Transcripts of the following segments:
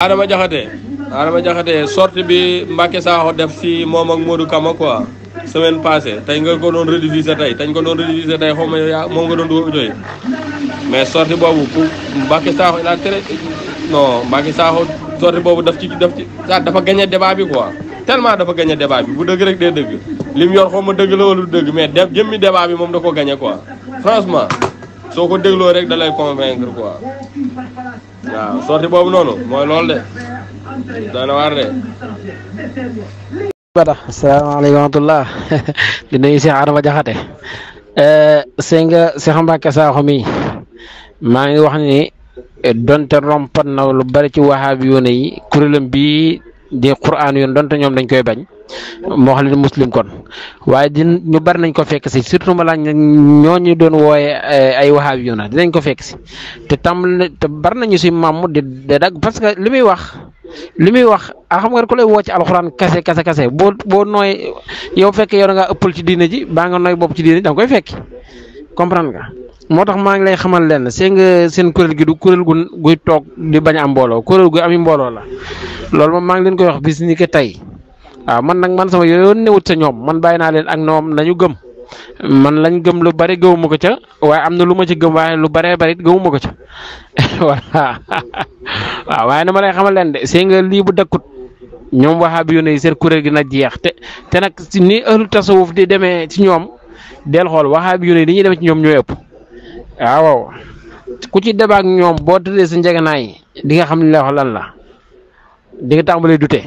Adama Diakhaté Adama Diakhaté sortie bi Mbacké Sakho def si moom ak Modou Kama quoi semaine passé tey nga ko doon rediffuser tey tey ko doon rediffuser tey xaw ma moom nga doon dugal audio mais sortie boobu ku Mbacké Sakho il a très non Mbacké Sakho boobu daf ci daf ci ah, dafa gagné débat bi quoi tellement dafa gagné débat bi bu dëgg rek dee dëgg lim yor xaw ma dëgg la wala du dëgg mais def jëmmi débat bi moom da ko gagné quoi franchement soo ko dégloo rek da lay convaincre quoi. waaw sorti boobu noonu mooy loolu de dana waar de bata asalaamaaleykum wa rahmatullah di nuyu Adama Jaxate eh, sëñ nga Cheikh Mbacke Sakho maa ngi wax ni eh, donte rompat na lu bari ci waxaab yoone yi kuréelam bii di quraan yoon donte ñoom dañ koy bañ moo xam leen muslim kon waaye din ñu bari nañ ko fekk si surtout ma laaj ñoo ñu doon wooye eh, ay waxaab yu na dinañ ko fekk si te tam te bari nañu si maam di dagg parce que li muy wax li muy wax a ah, xam nga ko lay woo ci alxuraan kase kase kase boo boo nooy yow fekk yow nga ngaa ëppal ci diina ji baa nga nooy bopp ci diina ji danga koy fekk comprendre nga moo tax maa ngi lay xamal leen seen nga seen kuréel gi du kuréel gu guy toog di bañ am mbooloo kuréel gu ami mbooloo la loolu moom maa ngi leen koy wax bis ni tey waaw man nag man sama yoon sa ñoom man bàyyi naa leen ak ñoom nañu gëm man lañ gëm lu bari gëwuma ko ca waaye am na lu ma ci gëm waaye lu baree bari gëwuma ko ca voilà waaw waaye dama lay xamal leen de seen nga lii bu dëkkut ñoom waxaa bi yónnee seen kuréel gi na jeex te te nag ni ëllu tasawuf di demee ci ñoom. del xool waxaab yu ne dañuy ñuy def ci ñoom ñooy ëpp ah, waaw ku ci débat ak ñoom boo tëddee sa njëganaay di nga xam ne la wax lan la di nga tàmbalee dute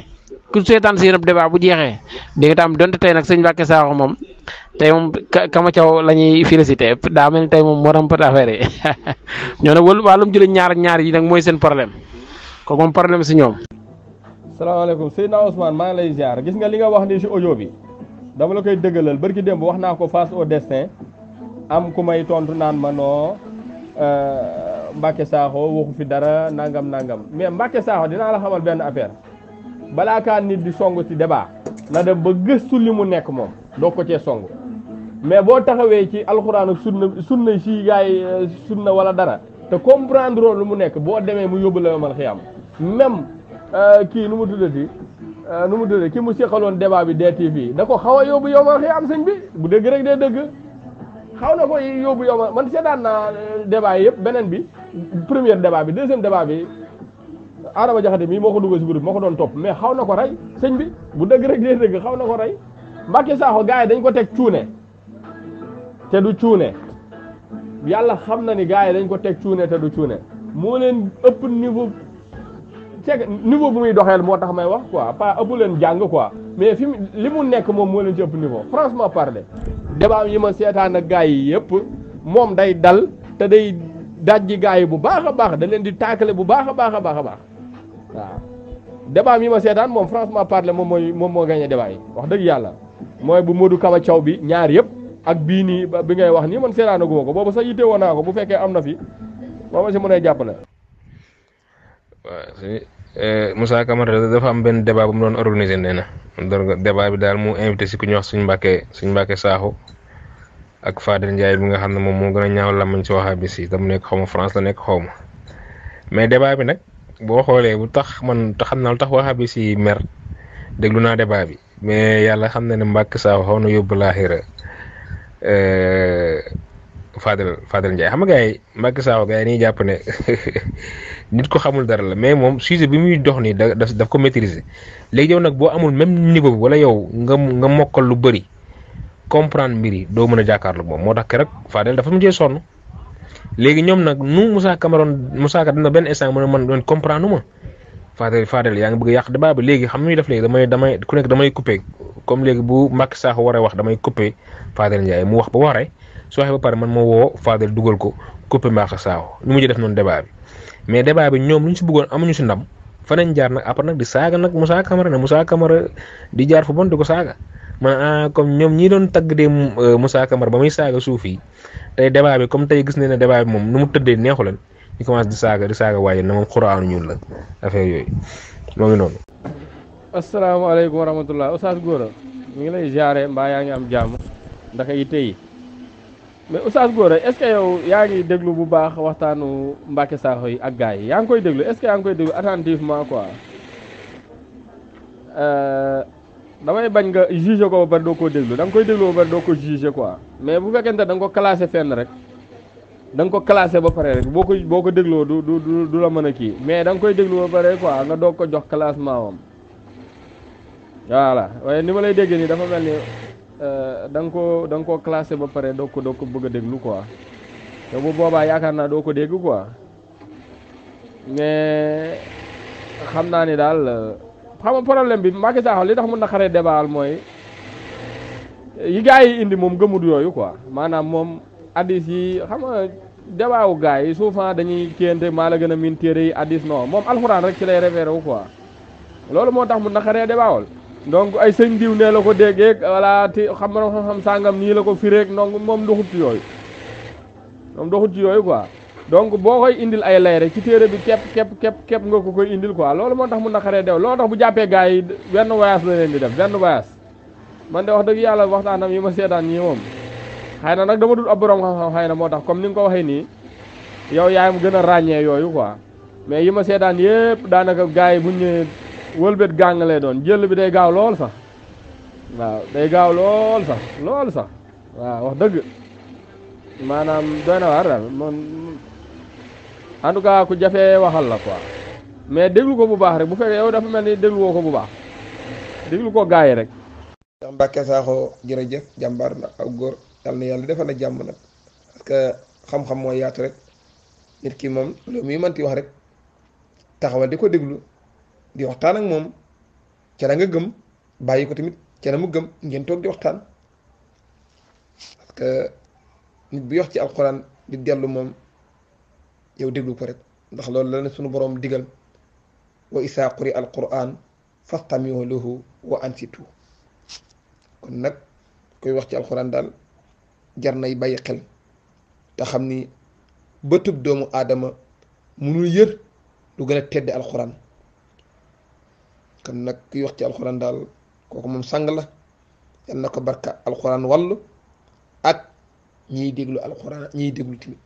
ku seetaan si yéen débat bu jeexee di nga tàmbali donte tey nag sëñ Mbàkke Saaxo moom tey moom kama caw la ñuy félicité daa mel ni tey moom moo rampat ñoo ne wàllu wàllum jëlee ñaar ñaar yi nag mooy seen problème kooku moom problème si ñoom. salaamaaleykum Seydina Ousmane maa ngi lay gis nga li nga wax ni si audio bi. dama la koy deugalal barki démb waxna ko face au destin am ku may tontu nan ma euh Mbacke saxo waxu fi dara nangam nangam mais Mbacke saxo dina la xamal ben affaire bala ka nit di songu ci débat la dem ba geustu limu nek mom do ko ci songu mais bo taxawé ci alcorane ak sunna sunna ci gaay euh, sunna wala dara te comprendre lu mu nek bo démé mu yobul la yomal xiyam même euh ki numu tuddati nu mu dëddee ki mu seqaloon débat bi DTV da ko xaw a yóbbu yomal am sëñ bi bu dëgg rek dee dëgg xaw na ko yóbbu yomal man seetaan naa débat yi yëpp beneen bi premier débat bi deuxième débat bi Adama Jaxate mii moo ko dugal si groupe moo ko doon topp mais xaw na ko rey sëñ bi bu dëgg rek dee dëgg xaw na ko rey Mbacke Sakho gars yi dañ ko teg cuune te du cuune yàlla xam na ni gars yi dañ ko teg cuune te du cuune moo leen ëpp niveau c'est niveau bu muy doxeel moo tax may wax quoi pas ëpp leen jàng quoi mais fi li mu nekk moom moo leen ci ëpp niveau franchement parler débat yi ma seetaan ak gars yi yëpp moom day dal te day dajji gars yi bu baax a baax da leen di taakale bu baax a baax a baax a baax waaw débat yi ma seetaan moom franchement parler moom mooy moom moo gagné débat yi wax dëgg yàlla mooy bu Modou Kama caw bi ñaar yëpp ak bii nii bi ngay wax nii man seetaanaguma ko boobu sax yitte woon naa ko bu fekkee am na fi moo ma si mën a jàppale waaw eh, Moussa Camara dafa am benn débat bu mu doon organisé nee na donc débat bi daal mu invité si ku ñuy wax suñu mbàkkee suñu mbàkkee saaxu ak Fadel Ndiaye bi nga xam ne moom moo gën a ñaaw làmmiñ si waxaa bi si tam nekk xaw ma France la nekk xaw mais débat bi nag boo xoolee bu tax man xam naa lu tax waxaa bi si mer déglu naa débat bi mais yàlla xam na ne mbàkk saaxu xaw na yóbbu laaxira eh, Fadel Fadel Ndiaye xam nga gars yi Macky Sall gars yi jàpp ne nit ko xamul dara la mais moom sujet bi muy dox nii da daf ko maîtriser léegi yow nag boo amul même niveau wala yow nga nga mokkal lu bëri comprendre mbir yi doo mën a jàkkaarloo moom moo tax rek Fadel dafa mujjee sonn léegi ñoom nag nu Moussa Cameroon Moussa Ka na benn instant mën a mën doon comprendre ma Fadel Fadel yaa ngi bëgg a yàq débat léegi xam nu ñuy def léegi damay damay ku nekk damay coupé comme léegi bu Macky Sall waree wax damay coupé Fadel Ndiaye mu wax ba waree su waxee ba pare man ma woo Fadel dugal ko coupé Mbacke Sakho ñu mujj def noonu débat bi mais débat bi ñoom lu ñu si buggoon amuñu si ndam fa jaar nag après nag di saaga nag Moussa Camara ne Moussa kamara di jaar fu bon di ko saaga man ah, comme ñoom ñi doon tagg de euh, Moussa Camara ba muy saaga suuf yi tey débat bi comme tey gis nañ ne débat bi moom nu mu tëddee neexu leen ñu commencé di saaga di saaga waaye na moom xuraanu ñun la affaire yooyu moo ngi noonu. asalaamaaleykum wa rahmatulah Oustaz Gora mi ngi lay jaaree mbaa yaa ngi am jàmm ndax yitte mais Oustaz Gora est-ce que yaa ngi déglu bu baax waxtaanu Mbacke Sakho yi ak gars yi yaa ngi koy déglu est-ce que yaa ngi koy déglu attentivement quoi euh, damay bañ nga juger ko ba pare doo ko déglu da nga koy déglu ba pare doo ko juger quoi mais bu fekkente danga nga ko classé fenn rek da ko classé ba pare rek boo ko boo ko dégloo du du du la mën a kii mais danga koy déglu ba pare quoi nga doog ko jox classement wam voilà waaye ni ma lay déggee nii dafa mel ni. Euh, da nga koo da nga koo classé ba pare doo ko doo ko bëgg a déglu quoi te bu boobaa yaakaar naa doo ko dégg quoi mais xam naa ni daal euh, xam nga problème bi Macky Sall li tax mun na xaree débat mooy yi gars yi indi moom gëmut yooyu quoi maanaam moom addis yi xam nga débat wu gars yi dañuy kéente maa la gën a miin téere yi addis non moom alxuraan rek ci lay référé wu quoi loolu moo tax mun na xaree débat wal donc ay sëñ diw nee la ko déggeeg voilà ti xam borom xam-xam sàngam nii la ko fireeg donc moom doxut ci yooyu moom doxut ci yooyu quoi donc boo koy indil ay lay rek ci téere bi képp képp képp képp nga ko koy indil quoi loolu moo tax mu naqaree dew loo tax bu jàppee gars yi benn voyage la leen di def benn voyage man de wax dëgg yàlla waxtaanam yi ma seetaan ñii moom xëy nag dama dul ab borom xam-xam xëy na moo tax comme ni nga ko waxee nii yow yaay mu gën a ràññee yooyu quoi mais yi ma seetaan yëpp daanaka gars yi buñ ñëwee wëlbét gàng lay doon jël bi day gaaw lool sax waaw day gaaw lool sax lool sax waaw wax dëgg maanaam doy na waar daal moom en tout cas ku jafee waxal la quoi mais déglu ko bu baax rek bu fekkee yow dafa mel ni déglu ko bu baax déglu ko gaa yi rek. Cheikh Mbacke Sakho jërëjëf jàmbaar na ak góor yàlla yàlla defal na jàmm nag parce xam-xam mooy yaatu rek nit ki moom lu muy mënti wax rek taxawal di ko déglu. di waxtaan ak moom ci la nga gëm bàyyi ko tamit ci la mu gëm ngeen toog di waxtaan parce que nit bi wax ci alquran di dellu moom yow déglu ko rek ndax loolu la ne sunu borom digal wa isa quri alquran fastamiu lahu wa ansitu kon nag koy wax ci alquran daal jar nay bàyyi xel te xam ni bëtub doomu aadama munul yër lu gën a tedd alquran kon nag kuy wax ci alxuraan daal kooku moom sang la yal na barka alxuraan wàll ak ñiy déglu alxuraan ñiy déglu tamit